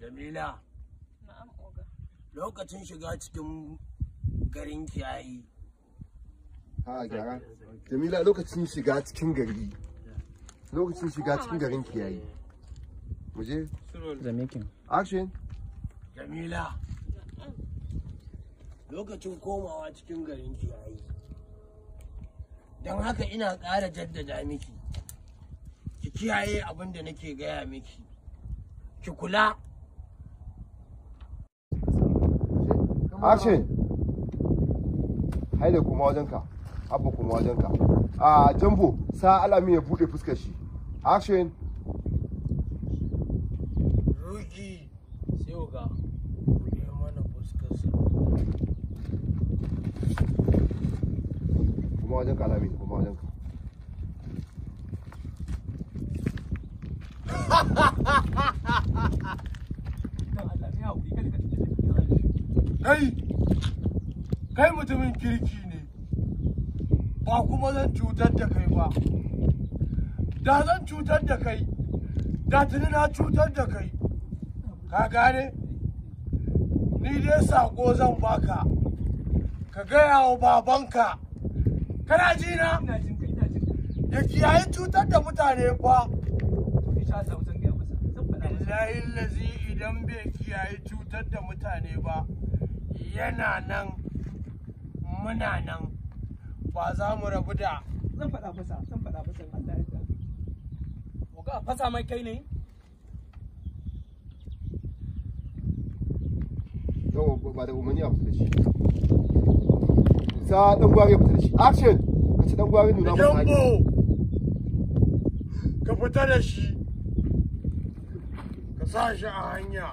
jamila lokacin shiga cikin garin kiyayi ha gyara jamila lokacin shiga cikin gari lokacin shiga cikin garin kiyayi muje making action jamila lokacin komawa cikin garin kiyayi don haka ina ƙara jaddada miki ki kiyaye abin da nake gaya miki ki kula action Haile kuma wajenka abu kuma wajenka a jambo sa alami ya buɗe fuskar shi action ruki sai uga mana fuskar sa kuma wajenka alami kuma wajenka kai kai mutumin kirki ne ba kuma zan cutar da kai ba da zan cutar da kai da tuni na cutar da kai ka gane ni dai sako zan baka ka gaya wa babanka kana ji na ya kiyaye cutar da mutane fa Allahin idan bai kiyaye cutar da mutane ba yana nan muna nan ba za mu rabu da zan faɗa fasa zan faɗa fasa Allah ya yarda mu ga fasa mai kai ne yawa ba da umarni a fita da shi sa dan gwari fita da shi action ka ci dan gwari nuna masa sai ka fita da shi ka sa shi a hanya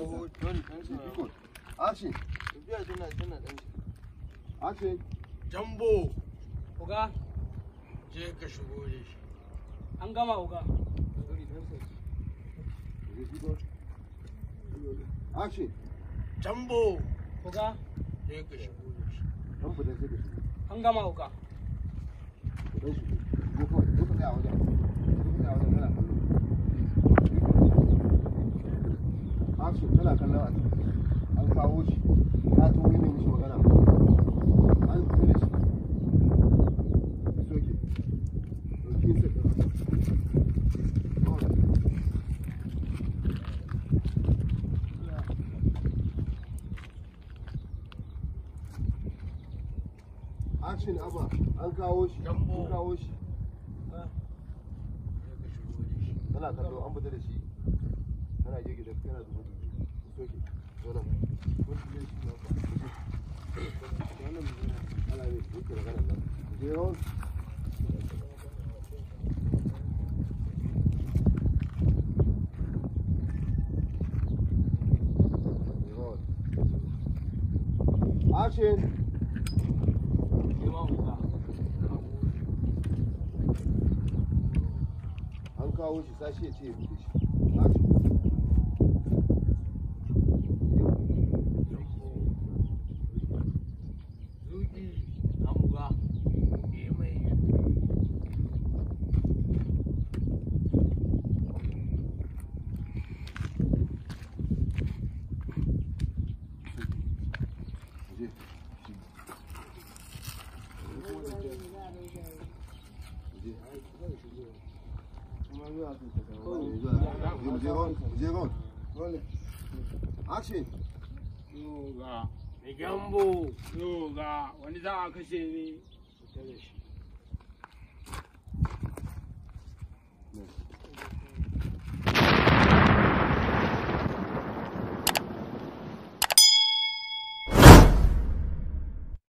오, 변이 변수나. 이거 아시. 준비야 전화 전화 당신. 아시. jambo uga je ka shigo da shi an gama uga ashi jambo uga je ka shigo da shi jambo da shi an gama uga ku dai shi ko ko ku tsaya wajen ku tsaya wajen kana kuna kallon a an kawo shi ya zo ne mai magana an tafi da shi soke dokin sa Action an kawo shi an kawo shi ana kallo an da shi ana Action. An kawo shi sashi ya ce ya buɗe shi. muje ron muje yoga gambo yoga wani za a kashe ne